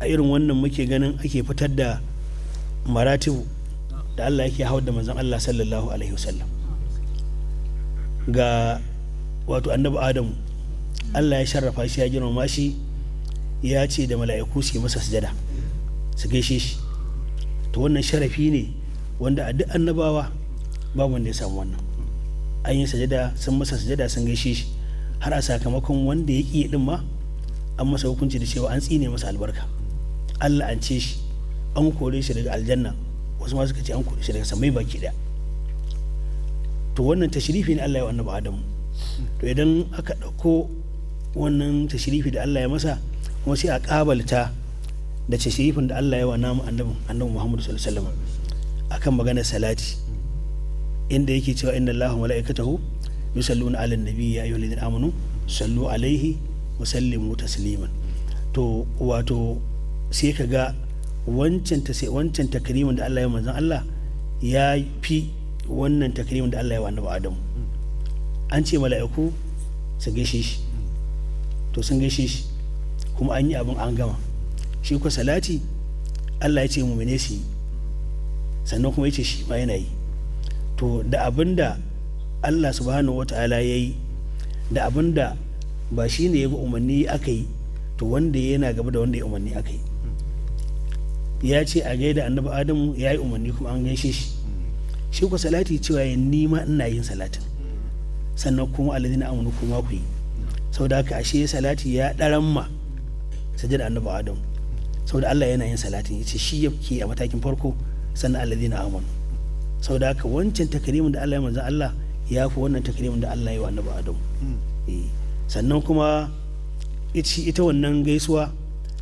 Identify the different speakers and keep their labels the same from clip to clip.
Speaker 1: a irin wannan muke ganin ake fitar da maratibu da Allah yake hau da manzan Allah sallallahu alaihi wasallam ga wato annabi adamu Allah ya sharrafa shi ya girmama shi ya ce da mala'iku su yi masa sujada su gaishe shi to wannan sharafi ne wanda a duk annabawa babu wanda ya samu wannan an yi sujada sun masa sujada sun gaishe shi har a sakamakon wanda ya ƙi din ma an masa hukunci da cewa an tsine masa albarka Allah an ce shi an kore shi daga aljanna wasu ma suka ce an kore shi daga samai baki daya to wannan tashrifi ne Allah ya annabi Adamu to idan aka ɗauko wannan tashrifi da Allah ya masa kuma sai a kabalta da tashrifin da Allah ya wa namu annabi annabi Muhammad sallallahu alaihi wasallam akan maganar salati inda yake cewa inna Allah wa malaikatahu yusalluna ala nabi ya ayyuhal ladina amanu sallu alaihi wa sallimu tasliman to wato sai ka ga wancan ta da Allah ya manzon Allah ya fi wannan takrimin da Allah ya wa annabi Adamu an ce mala'iku su gaishe shi to sun gaishe shi kuma an yi abin an gama shi ko salati Allah ya ce mu mene su yi sannan kuma ya ce shi ma yana yi to da abin da Allah subhanahu ta'ala ya yi da abin da ba shi ne ya ba umarni aka yi to wanda yana gaba da wanda ya umarni aka yi ya ce a gaida annabi adamu ya yi umarni kuma an gaishe shi shi ku salati cewa ya nima ina yin salatin sannan kuma alladina amanu kuma ku yi saboda haka ashe salati ya daran ma sajada annabi adamu saboda Allah yana yin salatin ce shi yake a matakin farko sannan alladina amanu saboda haka wancan takrimin da Allah ya manzo Allah ya fi wannan takrimin da Allah ya yi wa annabi adamu hmm. eh, sannan kuma ita wannan gaisuwa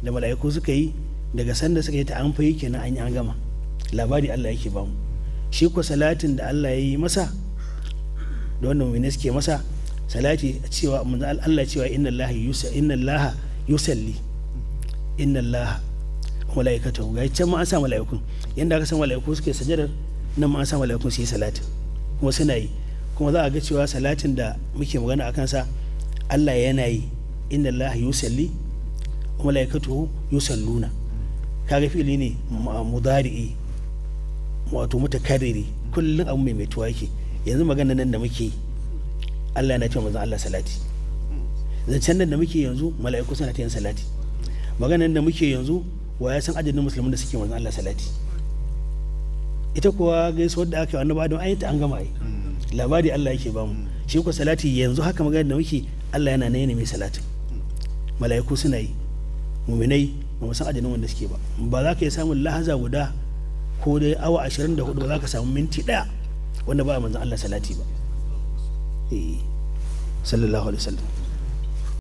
Speaker 1: da mala'iku suka yi daga sanda suka ta an fayi kenan an yi an gama labari Allah yake bamu shi ko salatin da Allah ya yi masa da wannan wani suke masa salati cewa manzo Allah cewa inna Allah yusa inna Allah yusalli inna Allah malaikatu ga can ma an sa malaikun yanda aka san malaiku suke sajadar nan ma an sa malaikun su yi salati kuma suna yi kuma za a ga cewa salatin da muke magana a kansa Allah yana yi inna Allah yusalli malaikatu yusalluna kaga fi'ili ne mudari'i wato mutakarriri kullum abu mai tuwa yake yanzu magana nan da muke Allah yana cewa manzon Allah salati zancen nan da muke yanzu mala'iku suna ta yin salati magana nan da muke yanzu wa ya san adadin musulmin da suke manzon Allah salati ita kuwa gaisu da aka yi annabi Adam ayyanta an gama ai labari Allah yake bamu shi ko salati yanzu haka magana da muke Allah yana nan ne mai salatin mala'iku suna yi muminai ba san adadin wanda suke ba ba za ka yi samun lahaza guda ko dai awa ashirin da hudu ba za ka samu minti daya wanda ba a manzan Allah salati ba eh, sallallahu alaihi wasallam